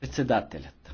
Председателят